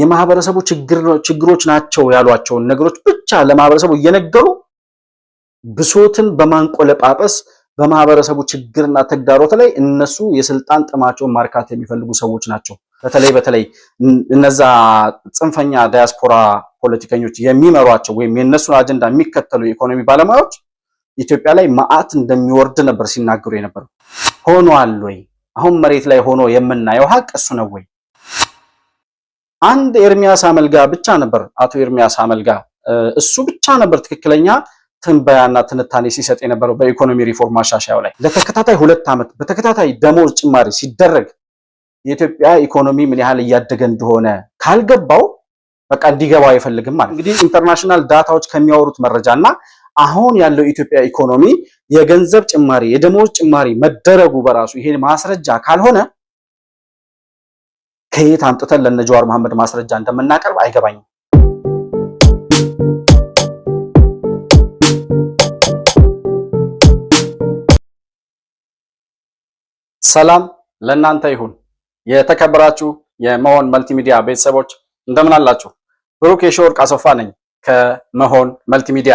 የማህበረሰቡ ችግሮች ናቸው ያሏቸውን ነገሮች ብቻ ለማህበረሰቡ እየነገሩ ብሶትን በማንቆለጳጰስ በማህበረሰቡ ችግርና ተግዳሮት ላይ እነሱ የስልጣን ጥማቸውን ማርካት የሚፈልጉ ሰዎች ናቸው። በተለይ በተለይ እነዛ ጽንፈኛ ዳያስፖራ ፖለቲከኞች የሚመሯቸው ወይም የእነሱን አጀንዳ የሚከተሉ የኢኮኖሚ ባለሙያዎች ኢትዮጵያ ላይ መዓት እንደሚወርድ ነበር ሲናገሩ የነበረው። ሆኗል ወይ? አሁን መሬት ላይ ሆኖ የምናየው ሀቅ እሱ ነው ወይ? አንድ ኤርሚያስ አመልጋ ብቻ ነበር፣ አቶ ኤርሚያስ አመልጋ እሱ ብቻ ነበር ትክክለኛ ትንበያና ትንታኔ ሲሰጥ የነበረው በኢኮኖሚ ሪፎርም ማሻሻያው ላይ። ለተከታታይ ሁለት ዓመት በተከታታይ ደሞዝ ጭማሪ ሲደረግ የኢትዮጵያ ኢኮኖሚ ምን ያህል እያደገ እንደሆነ ካልገባው በቃ እንዲገባው አይፈልግም ማለት። እንግዲህ ኢንተርናሽናል ዳታዎች ከሚያወሩት መረጃና አሁን ያለው ኢትዮጵያ ኢኮኖሚ የገንዘብ ጭማሪ የደሞዝ ጭማሪ መደረጉ በራሱ ይሄ ማስረጃ ካልሆነ ከየት አምጥተን ለነ ጀዋር መሐመድ ማስረጃ እንደምናቀርብ አይገባኝም። ሰላም ለእናንተ ይሁን። የተከበራችሁ የመሆን መልቲሚዲያ ቤተሰቦች እንደምን አላችሁ? ብሩክ የሸወርቅ አሰፋ ነኝ ከመሆን መልቲሚዲያ።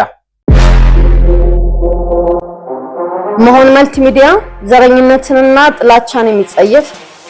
መሆን መልቲሚዲያ ዘረኝነትንና ጥላቻን የሚጸየፍ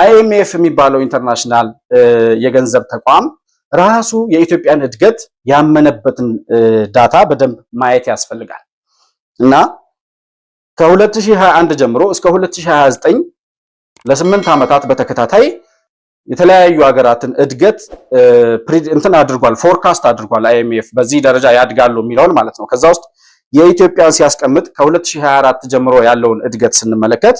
አይኤምኤፍ የሚባለው ኢንተርናሽናል የገንዘብ ተቋም ራሱ የኢትዮጵያን እድገት ያመነበትን ዳታ በደንብ ማየት ያስፈልጋል እና ከ2021 ጀምሮ እስከ 2029 ለስምንት ዓመታት በተከታታይ የተለያዩ ሀገራትን እድገት እንትን አድርጓል፣ ፎርካስት አድርጓል አይኤምኤፍ በዚህ ደረጃ ያድጋሉ የሚለውን ማለት ነው። ከዛ ውስጥ የኢትዮጵያን ሲያስቀምጥ ከ2024 ጀምሮ ያለውን እድገት ስንመለከት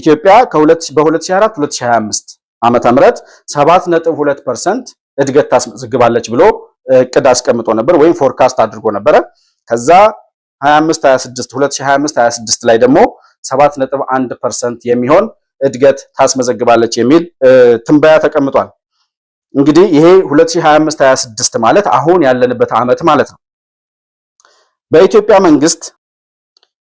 ኢትዮጵያ በ 2024 2025 ዓመተ ምህረት 7.2% እድገት ታስመዘግባለች ብሎ እቅድ አስቀምጦ ነበር ወይም ፎርካስት አድርጎ ነበረ። ከዛ 25 26 2025 26 ላይ ደግሞ 7.1% የሚሆን እድገት ታስመዘግባለች የሚል ትንበያ ተቀምጧል። እንግዲህ ይሄ 2025 26 ማለት አሁን ያለንበት ዓመት ማለት ነው። በኢትዮጵያ መንግስት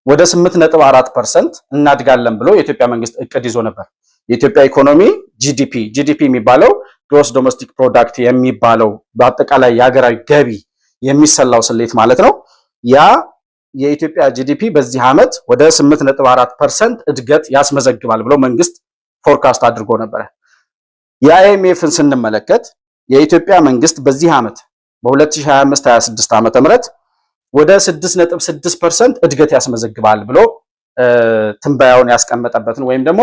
ወደ 8.4% እናድጋለን ብሎ የኢትዮጵያ መንግስት እቅድ ይዞ ነበር። የኢትዮጵያ ኢኮኖሚ ጂዲፒ ጂዲፒ የሚባለው ግሮስ ዶሜስቲክ ፕሮዳክት የሚባለው በአጠቃላይ የሀገራዊ ገቢ የሚሰላው ስሌት ማለት ነው። ያ የኢትዮጵያ ጂዲፒ በዚህ ዓመት ወደ 8.4% እድገት ያስመዘግባል ብሎ መንግስት ፎርካስት አድርጎ ነበረ። የአይኤምኤፍን ስንመለከት የኢትዮጵያ መንግስት በዚህ ዓመት በ2025 26 ዓመተ ምህረት ወደ 6.6% እድገት ያስመዘግባል ብሎ ትንበያውን ያስቀመጠበትን ወይም ደግሞ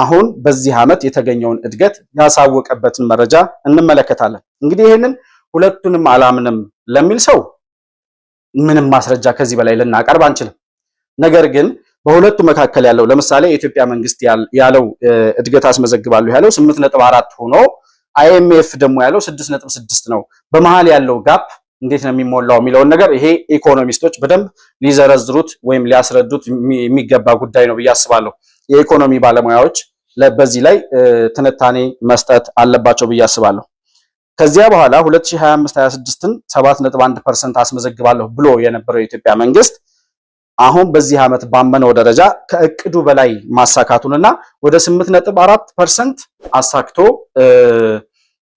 አሁን በዚህ ዓመት የተገኘውን እድገት ያሳወቀበትን መረጃ እንመለከታለን። እንግዲህ ይህንን ሁለቱንም አላምንም ለሚል ሰው ምንም ማስረጃ ከዚህ በላይ ልናቀርብ አንችልም። ነገር ግን በሁለቱ መካከል ያለው ለምሳሌ የኢትዮጵያ መንግስት ያለው እድገት አስመዘግባሉ ያለው 8.4 ሆኖ አይኤምኤፍ ደግሞ ያለው 6.6 ነው። በመሃል ያለው ጋፕ እንዴት ነው የሚሞላው የሚለውን ነገር ይሄ ኢኮኖሚስቶች በደንብ ሊዘረዝሩት ወይም ሊያስረዱት የሚገባ ጉዳይ ነው ብዬ አስባለሁ። የኢኮኖሚ ባለሙያዎች በዚህ ላይ ትንታኔ መስጠት አለባቸው ብዬ አስባለሁ። ከዚያ በኋላ 2025/26ን 7.1% አስመዘግባለሁ ብሎ የነበረው የኢትዮጵያ መንግስት አሁን በዚህ ዓመት ባመነው ደረጃ ከእቅዱ በላይ ማሳካቱንና ወደ 8.4% አሳክቶ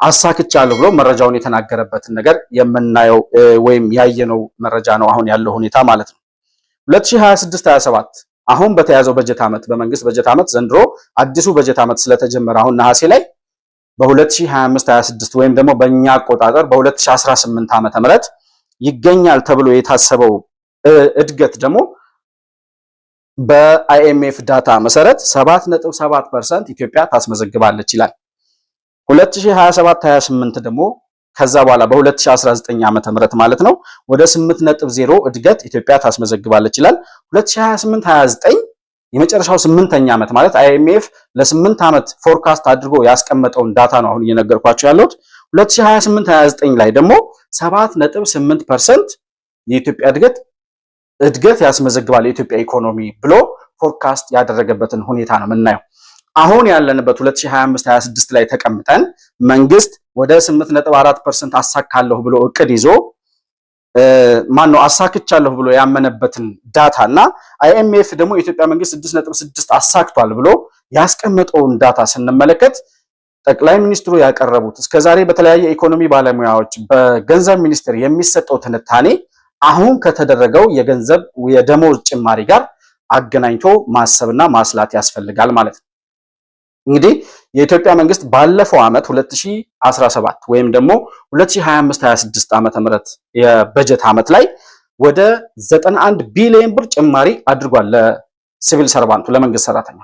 አሳክቻለሁ ብሎ መረጃውን የተናገረበትን ነገር የምናየው ወይም ያየነው መረጃ ነው። አሁን ያለው ሁኔታ ማለት ነው 2026 27 አሁን በተያዘው በጀት ዓመት በመንግስት በጀት ዓመት ዘንድሮ አዲሱ በጀት ዓመት ስለተጀመረ አሁን ነሐሴ ላይ በ2025 26 ወይም ደግሞ በእኛ አቆጣጠር በ2018 ዓመተ ምህረት ይገኛል ተብሎ የታሰበው እድገት ደግሞ በአይኤምኤፍ ዳታ መሰረት 7.7% ኢትዮጵያ ታስመዘግባለች ይላል። 2027 28 ደግሞ ከዛ በኋላ በ2019 ዓመተ ምህረት ማለት ነው ወደ 8.0 እድገት ኢትዮጵያ ታስመዘግባለች ይላል። 2028 29 የመጨረሻው 8ኛ ዓመት ማለት አይኤምኤፍ ለስምንት ዓመት ፎርካስት አድርጎ ያስቀመጠውን ዳታ ነው አሁን እየነገርኳቸው ያለሁት። 2028 29 ላይ ደግሞ 7.8% የኢትዮጵያ እድገት እድገት ያስመዘግባል የኢትዮጵያ ኢኮኖሚ ብሎ ፎርካስት ያደረገበትን ሁኔታ ነው የምናየው። አሁን ያለንበት 2025-26 ላይ ተቀምጠን መንግስት ወደ 8.4% አሳካለሁ ብሎ እቅድ ይዞ ማን ነው አሳክቻለሁ ብሎ ያመነበትን ዳታ እና አይኤምኤፍ ደግሞ የኢትዮጵያ መንግስት 6.6 አሳክቷል ብሎ ያስቀመጠውን ዳታ ስንመለከት ጠቅላይ ሚኒስትሩ ያቀረቡት እስከዛሬ በተለያየ ኢኮኖሚ ባለሙያዎች በገንዘብ ሚኒስቴር የሚሰጠው ትንታኔ አሁን ከተደረገው የገንዘብ የደሞዝ ጭማሪ ጋር አገናኝቶ ማሰብና ማስላት ያስፈልጋል ማለት ነው። እንግዲህ የኢትዮጵያ መንግስት ባለፈው ዓመት 2017 ወይም ደግሞ 2025 26 ዓመተ ምህረት የበጀት ዓመት ላይ ወደ 91 ቢሊዮን ብር ጭማሪ አድርጓል ለሲቪል ሰርቫንቱ ለመንግስት ሰራተኛ።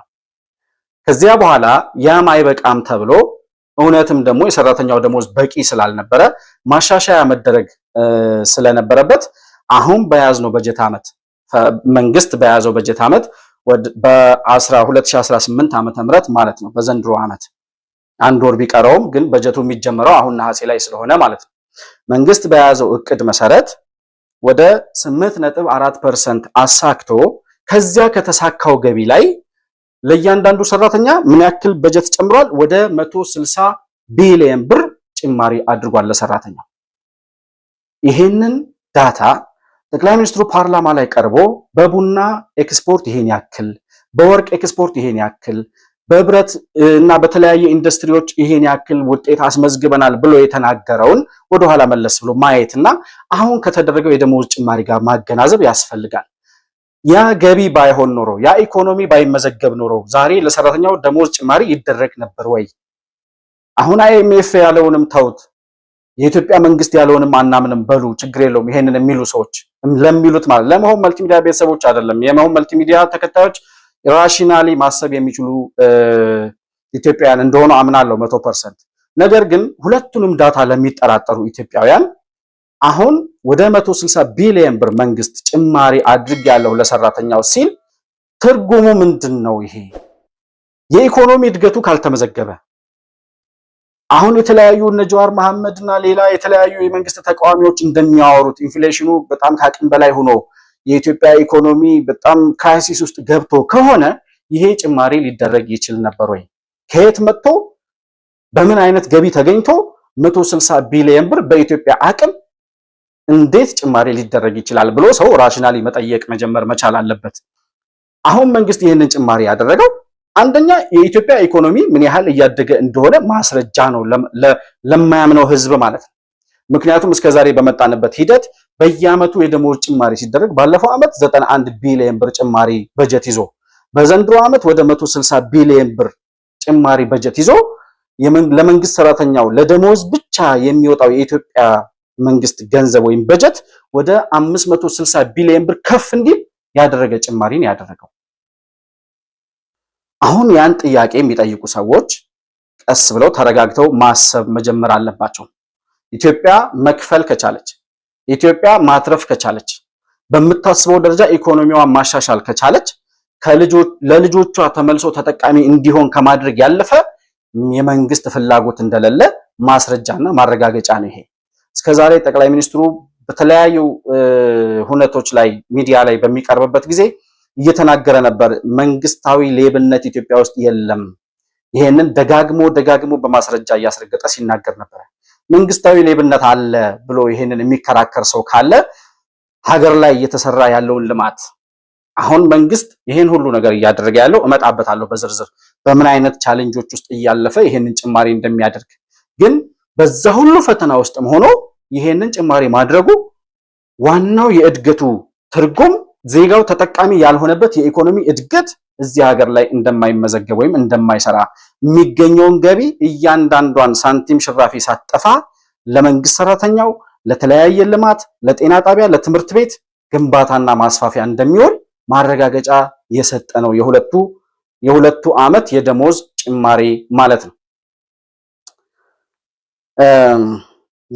ከዚያ በኋላ ያም አይበቃም ተብሎ እውነትም ደግሞ የሰራተኛው ደሞዝ በቂ ስላልነበረ ማሻሻያ መደረግ ስለነበረበት አሁን በያዝነው በጀት ዓመት መንግስት በያዘው በጀት ዓመት በ2018 ዓ ም ማለት ነው በዘንድሮ ዓመት አንድ ወር ቢቀረውም ግን በጀቱ የሚጀምረው አሁን ነሐሴ ላይ ስለሆነ ማለት ነው መንግስት በያዘው እቅድ መሰረት ወደ 8.4% አሳክቶ ከዚያ ከተሳካው ገቢ ላይ ለእያንዳንዱ ሰራተኛ ምን ያክል በጀት ጨምሯል? ወደ 160 ቢሊየን ብር ጭማሪ አድርጓል ለሰራተኛው። ይሄንን ዳታ ጠቅላይ ሚኒስትሩ ፓርላማ ላይ ቀርቦ በቡና ኤክስፖርት ይሄን ያክል፣ በወርቅ ኤክስፖርት ይሄን ያክል፣ በብረት እና በተለያየ ኢንዱስትሪዎች ይሄን ያክል ውጤት አስመዝግበናል ብሎ የተናገረውን ወደኋላ መለስ ብሎ ማየት እና አሁን ከተደረገው የደሞዝ ጭማሪ ጋር ማገናዘብ ያስፈልጋል። ያ ገቢ ባይሆን ኖሮ ያ ኢኮኖሚ ባይመዘገብ ኖሮ ዛሬ ለሰራተኛው ደሞዝ ጭማሪ ይደረግ ነበር ወይ? አሁን አይኤምኤፍ ያለውንም ተውት። የኢትዮጵያ መንግስት ያለውንም አናምንም በሉ ችግር የለውም ይሄንን የሚሉ ሰዎች ለሚሉት ማለት ለመሆን መልቲሚዲያ ቤተሰቦች አይደለም የመሆን መልቲሚዲያ ተከታዮች ራሽናሊ ማሰብ የሚችሉ ኢትዮጵያውያን እንደሆኑ አምናለሁ መቶ ፐርሰንት። ነገር ግን ሁለቱንም ዳታ ለሚጠራጠሩ ኢትዮጵያውያን አሁን ወደ 160 ቢሊዮን ብር መንግስት ጭማሪ አድርግ ያለው ለሰራተኛው ሲል ትርጉሙ ምንድን ነው? ይሄ የኢኮኖሚ እድገቱ ካልተመዘገበ አሁን የተለያዩ እነ ጀዋር መሐመድ እና ሌላ የተለያዩ የመንግስት ተቃዋሚዎች እንደሚያወሩት ኢንፍሌሽኑ በጣም ከአቅም በላይ ሆኖ የኢትዮጵያ ኢኮኖሚ በጣም ክራይሲስ ውስጥ ገብቶ ከሆነ ይሄ ጭማሪ ሊደረግ ይችል ነበር ወይ? ከየት መጥቶ በምን አይነት ገቢ ተገኝቶ 160 ቢሊዮን ብር በኢትዮጵያ አቅም እንዴት ጭማሪ ሊደረግ ይችላል ብሎ ሰው ራሽናሊ መጠየቅ መጀመር መቻል አለበት። አሁን መንግስት ይህንን ጭማሪ ያደረገው አንደኛ የኢትዮጵያ ኢኮኖሚ ምን ያህል እያደገ እንደሆነ ማስረጃ ነው ለማያምነው ህዝብ ማለት ነው። ምክንያቱም እስከዛሬ በመጣንበት ሂደት በየአመቱ የደሞዝ ጭማሪ ሲደረግ ባለፈው አመት 91 ቢሊዮን ብር ጭማሪ በጀት ይዞ በዘንድሮ አመት ወደ 160 ቢሊዮን ብር ጭማሪ በጀት ይዞ ለመንግስት ሰራተኛው ለደሞዝ ብቻ የሚወጣው የኢትዮጵያ መንግስት ገንዘብ ወይም በጀት ወደ 560 ቢሊዮን ብር ከፍ እንዲል ያደረገ ጭማሪን ያደረገው አሁን ያን ጥያቄ የሚጠይቁ ሰዎች ቀስ ብለው ተረጋግተው ማሰብ መጀመር አለባቸው። ኢትዮጵያ መክፈል ከቻለች፣ ኢትዮጵያ ማትረፍ ከቻለች፣ በምታስበው ደረጃ ኢኮኖሚዋን ማሻሻል ከቻለች ለልጆቿ ተመልሶ ተጠቃሚ እንዲሆን ከማድረግ ያለፈ የመንግስት ፍላጎት እንደሌለ ማስረጃና ማረጋገጫ ነው። ይሄ እስከዛሬ ጠቅላይ ሚኒስትሩ በተለያዩ ሁነቶች ላይ ሚዲያ ላይ በሚቀርብበት ጊዜ እየተናገረ ነበር። መንግስታዊ ሌብነት ኢትዮጵያ ውስጥ የለም። ይሄንን ደጋግሞ ደጋግሞ በማስረጃ እያስረገጠ ሲናገር ነበር። መንግስታዊ ሌብነት አለ ብሎ ይሄንን የሚከራከር ሰው ካለ ሀገር ላይ እየተሰራ ያለውን ልማት አሁን መንግስት ይሄን ሁሉ ነገር እያደረገ ያለው እመጣበታለሁ በዝርዝር በምን አይነት ቻሌንጆች ውስጥ እያለፈ ይሄንን ጭማሪ እንደሚያደርግ ግን በዛ ሁሉ ፈተና ውስጥም ሆኖ ይሄንን ጭማሪ ማድረጉ ዋናው የእድገቱ ትርጉም ዜጋው ተጠቃሚ ያልሆነበት የኢኮኖሚ እድገት እዚህ ሀገር ላይ እንደማይመዘገብ ወይም እንደማይሰራ የሚገኘውን ገቢ እያንዳንዷን ሳንቲም ሽራፊ ሳጠፋ ለመንግስት ሰራተኛው፣ ለተለያየ ልማት፣ ለጤና ጣቢያ፣ ለትምህርት ቤት ግንባታና ማስፋፊያ እንደሚውል ማረጋገጫ የሰጠ ነው የሁለቱ የሁለቱ ዓመት የደሞዝ ጭማሪ ማለት ነው።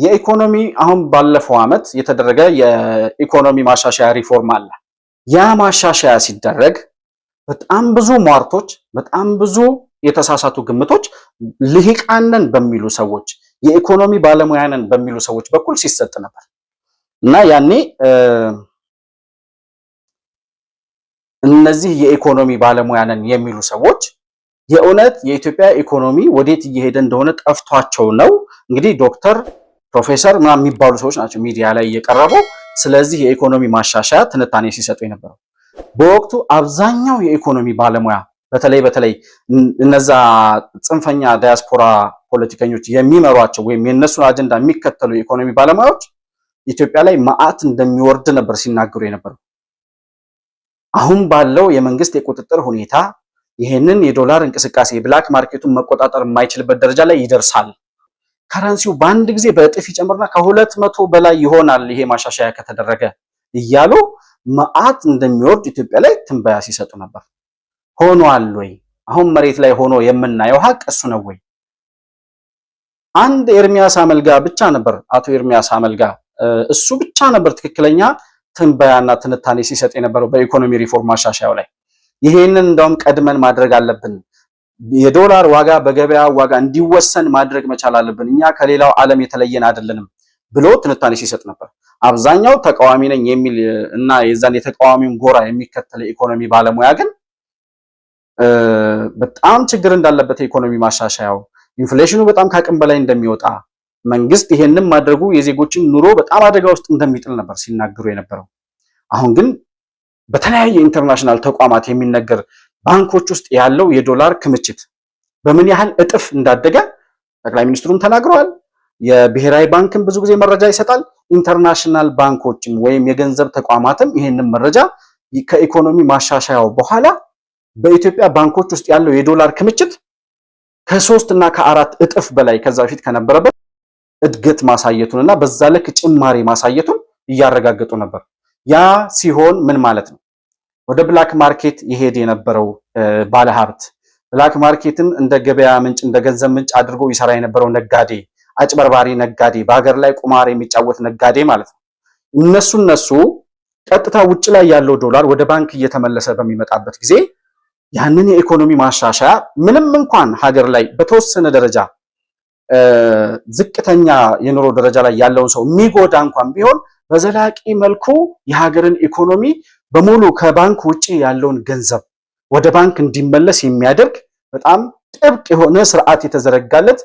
የኢኮኖሚ አሁን ባለፈው ዓመት የተደረገ የኢኮኖሚ ማሻሻያ ሪፎርም አለ። ያ ማሻሻያ ሲደረግ በጣም ብዙ ሟርቶች፣ በጣም ብዙ የተሳሳቱ ግምቶች ልሂቃንን በሚሉ ሰዎች የኢኮኖሚ ባለሙያንን በሚሉ ሰዎች በኩል ሲሰጥ ነበር እና ያኔ እነዚህ የኢኮኖሚ ባለሙያንን የሚሉ ሰዎች የእውነት የኢትዮጵያ ኢኮኖሚ ወዴት እየሄደ እንደሆነ ጠፍቷቸው ነው። እንግዲህ ዶክተር ፕሮፌሰር ምናምን የሚባሉ ሰዎች ናቸው ሚዲያ ላይ እየቀረቡ ስለዚህ የኢኮኖሚ ማሻሻያ ትንታኔ ሲሰጡ የነበረው በወቅቱ አብዛኛው የኢኮኖሚ ባለሙያ በተለይ በተለይ እነዛ ጽንፈኛ ዳያስፖራ ፖለቲከኞች የሚመሯቸው ወይም የእነሱን አጀንዳ የሚከተሉ የኢኮኖሚ ባለሙያዎች ኢትዮጵያ ላይ መዓት እንደሚወርድ ነበር ሲናገሩ የነበረው። አሁን ባለው የመንግስት የቁጥጥር ሁኔታ ይህንን የዶላር እንቅስቃሴ የብላክ ማርኬቱን መቆጣጠር የማይችልበት ደረጃ ላይ ይደርሳል ከረንሲው በአንድ ጊዜ በእጥፍ ይጨምርና ከሁለት መቶ በላይ ይሆናል ይሄ ማሻሻያ ከተደረገ እያሉ መዓት እንደሚወርድ ኢትዮጵያ ላይ ትንበያ ሲሰጡ ነበር። ሆኗል ወይ? አሁን መሬት ላይ ሆኖ የምናየው ሀቅ እሱ ነው ወይ? አንድ ኤርሚያስ አመልጋ ብቻ ነበር፣ አቶ ኤርሚያስ አመልጋ እሱ ብቻ ነበር ትክክለኛ ትንበያና ትንታኔ ሲሰጥ የነበረው በኢኮኖሚ ሪፎርም ማሻሻያው ላይ። ይሄንን እንደውም ቀድመን ማድረግ አለብን የዶላር ዋጋ በገበያ ዋጋ እንዲወሰን ማድረግ መቻል አለብን። እኛ ከሌላው ዓለም የተለየን አይደለንም ብሎ ትንታኔ ሲሰጥ ነበር። አብዛኛው ተቃዋሚ ነኝ የሚል እና የዛን የተቃዋሚውን ጎራ የሚከተል ኢኮኖሚ ባለሙያ ግን በጣም ችግር እንዳለበት የኢኮኖሚ ማሻሻያው ኢንፍሌሽኑ በጣም ከአቅም በላይ እንደሚወጣ መንግስት ይሄንን ማድረጉ የዜጎችን ኑሮ በጣም አደጋ ውስጥ እንደሚጥል ነበር ሲናገሩ የነበረው። አሁን ግን በተለያየ ኢንተርናሽናል ተቋማት የሚነገር ባንኮች ውስጥ ያለው የዶላር ክምችት በምን ያህል እጥፍ እንዳደገ ጠቅላይ ሚኒስትሩም ተናግረዋል። የብሔራዊ ባንክም ብዙ ጊዜ መረጃ ይሰጣል። ኢንተርናሽናል ባንኮችም ወይም የገንዘብ ተቋማትም ይህንን መረጃ ከኢኮኖሚ ማሻሻያው በኋላ በኢትዮጵያ ባንኮች ውስጥ ያለው የዶላር ክምችት ከሶስት እና ከአራት እጥፍ በላይ ከዛ በፊት ከነበረበት እድገት ማሳየቱን እና በዛ ልክ ጭማሪ ማሳየቱን እያረጋገጡ ነበር። ያ ሲሆን ምን ማለት ነው? ወደ ብላክ ማርኬት ይሄድ የነበረው ባለሀብት ብላክ ማርኬትን እንደ ገበያ ምንጭ እንደ ገንዘብ ምንጭ አድርጎ ይሰራ የነበረው ነጋዴ፣ አጭበርባሪ ነጋዴ፣ በሀገር ላይ ቁማር የሚጫወት ነጋዴ ማለት ነው። እነሱ እነሱ ቀጥታ ውጭ ላይ ያለው ዶላር ወደ ባንክ እየተመለሰ በሚመጣበት ጊዜ ያንን የኢኮኖሚ ማሻሻያ ምንም እንኳን ሀገር ላይ በተወሰነ ደረጃ ዝቅተኛ የኑሮ ደረጃ ላይ ያለውን ሰው የሚጎዳ እንኳን ቢሆን በዘላቂ መልኩ የሀገርን ኢኮኖሚ በሙሉ ከባንክ ውጪ ያለውን ገንዘብ ወደ ባንክ እንዲመለስ የሚያደርግ በጣም ጥብቅ የሆነ ስርዓት የተዘረጋለት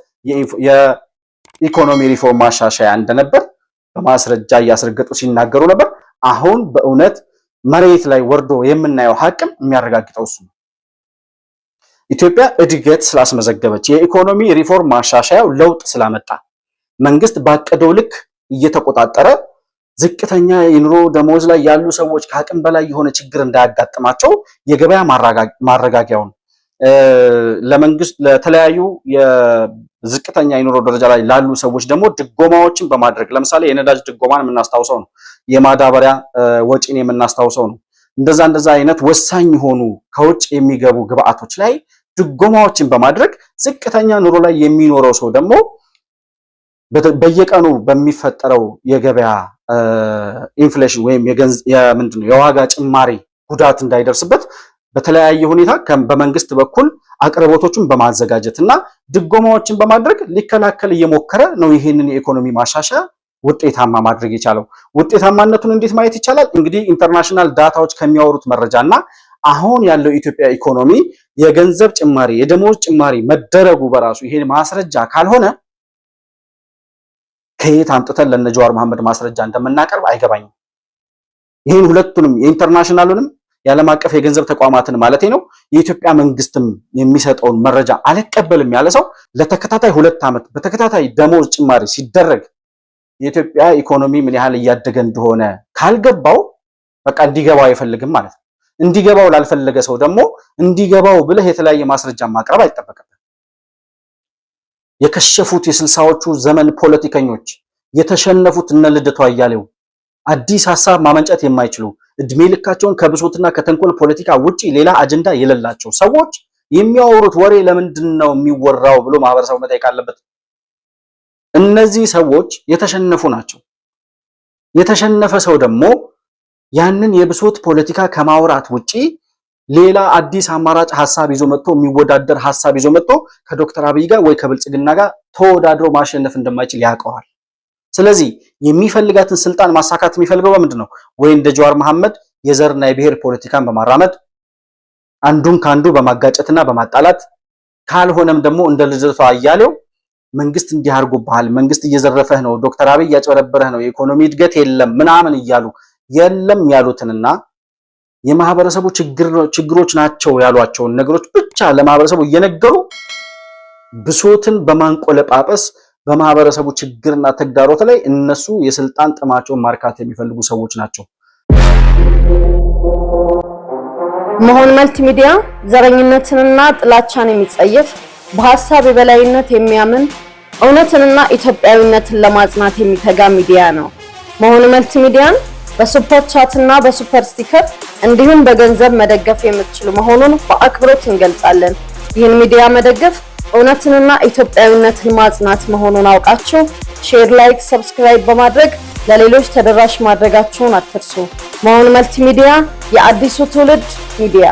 የኢኮኖሚ ሪፎርም ማሻሻያ እንደነበር በማስረጃ እያስረገጡ ሲናገሩ ነበር። አሁን በእውነት መሬት ላይ ወርዶ የምናየው ሀቅም የሚያረጋግጠው እሱ ነው። ኢትዮጵያ እድገት ስላስመዘገበች የኢኮኖሚ ሪፎርም ማሻሻያው ለውጥ ስላመጣ መንግስት ባቀደው ልክ እየተቆጣጠረ ዝቅተኛ የኑሮ ደሞዝ ላይ ያሉ ሰዎች ከአቅም በላይ የሆነ ችግር እንዳያጋጥማቸው የገበያ ማረጋጊያውን ለመንግስት ለተለያዩ የዝቅተኛ የኑሮ ደረጃ ላይ ላሉ ሰዎች ደግሞ ድጎማዎችን በማድረግ ለምሳሌ የነዳጅ ድጎማን የምናስታውሰው ነው። የማዳበሪያ ወጪን የምናስታውሰው ነው። እንደዛ እንደዛ አይነት ወሳኝ የሆኑ ከውጭ የሚገቡ ግብአቶች ላይ ድጎማዎችን በማድረግ ዝቅተኛ ኑሮ ላይ የሚኖረው ሰው ደግሞ በየቀኑ በሚፈጠረው የገበያ ኢንፍሌሽን ወይም ምንድን ነው የዋጋ ጭማሪ ጉዳት እንዳይደርስበት በተለያየ ሁኔታ በመንግስት በኩል አቅርቦቶችን በማዘጋጀት እና ድጎማዎችን በማድረግ ሊከላከል እየሞከረ ነው። ይህንን የኢኮኖሚ ማሻሻያ ውጤታማ ማድረግ የቻለው ውጤታማነቱን እንዴት ማየት ይቻላል? እንግዲህ ኢንተርናሽናል ዳታዎች ከሚያወሩት እና አሁን ያለው ኢትዮጵያ ኢኮኖሚ የገንዘብ ጭማሪ፣ የደሞዝ ጭማሪ መደረጉ በራሱ ይሄ ማስረጃ ካልሆነ ከየት አምጥተን ለነ ጀዋር መሐመድ ማስረጃ እንደምናቀርብ አይገባኝም። ይህን ሁለቱንም የኢንተርናሽናሉንም የዓለም አቀፍ የገንዘብ ተቋማትን ማለት ነው የኢትዮጵያ መንግስትም የሚሰጠውን መረጃ አልቀበልም ያለ ሰው ለተከታታይ ሁለት ዓመት በተከታታይ ደሞዝ ጭማሪ ሲደረግ የኢትዮጵያ ኢኮኖሚ ምን ያህል እያደገ እንደሆነ ካልገባው በቃ እንዲገባው አይፈልግም ማለት ነው። እንዲገባው ላልፈለገ ሰው ደግሞ እንዲገባው ብለህ የተለያየ ማስረጃ ማቅረብ አይጠበቅም። የከሸፉት የስልሳዎቹ ዘመን ፖለቲከኞች የተሸነፉት እነ ልደቱ አያሌው አዲስ ሀሳብ ማመንጨት የማይችሉ እድሜ ልካቸውን ከብሶትና ከተንኮል ፖለቲካ ውጪ ሌላ አጀንዳ የሌላቸው ሰዎች የሚያወሩት ወሬ ለምንድን ነው የሚወራው ብሎ ማህበረሰቡ መጠየቅ አለበት። እነዚህ ሰዎች የተሸነፉ ናቸው። የተሸነፈ ሰው ደግሞ ያንን የብሶት ፖለቲካ ከማውራት ውጪ ሌላ አዲስ አማራጭ ሀሳብ ይዞ መጥቶ የሚወዳደር ሀሳብ ይዞ መጥቶ ከዶክተር አብይ ጋር ወይ ከብልጽግና ጋር ተወዳድሮ ማሸነፍ እንደማይችል ያውቀዋል። ስለዚህ የሚፈልጋትን ስልጣን ማሳካት የሚፈልገው በምንድን ነው? ወይ እንደ ጀዋር መሐመድ የዘርና የብሔር ፖለቲካን በማራመድ አንዱን ከአንዱ በማጋጨትና በማጣላት ካልሆነም ደግሞ እንደ ልደቷ አያሌው መንግስት እንዲህ አድርጎብሃል፣ መንግስት እየዘረፈህ ነው፣ ዶክተር አብይ እያጭበረበረህ ነው፣ የኢኮኖሚ እድገት የለም ምናምን እያሉ የለም ያሉትንና የማህበረሰቡ ችግሮች ናቸው ያሏቸውን ነገሮች ብቻ ለማህበረሰቡ እየነገሩ ብሶትን በማንቆለጳጰስ በማህበረሰቡ ችግርና ተግዳሮት ላይ እነሱ የስልጣን ጥማቸውን ማርካት የሚፈልጉ ሰዎች ናቸው። መሆን መልቲ ሚዲያ ዘረኝነትንና ጥላቻን የሚጸየፍ በሀሳብ የበላይነት የሚያምን እውነትንና ኢትዮጵያዊነትን ለማጽናት የሚተጋ ሚዲያ ነው። መሆን መልቲ ሚዲያን በሱፐር ቻት በሱፐር ስቲከር እንዲሁም በገንዘብ መደገፍ የምትችሉ መሆኑን በአክብሮት እንገልጻለን። ይህን ሚዲያ መደገፍ እውነትንና ኢትዮጵያዊነትን ማጽናት መሆኑን አውቃችሁ ሼር፣ ላይክ፣ ሰብስክራይብ በማድረግ ለሌሎች ተደራሽ ማድረጋችሁን አትርሱ። መሆን መልቲሚዲያ ሚዲያ የአዲሱ ትውልድ ሚዲያ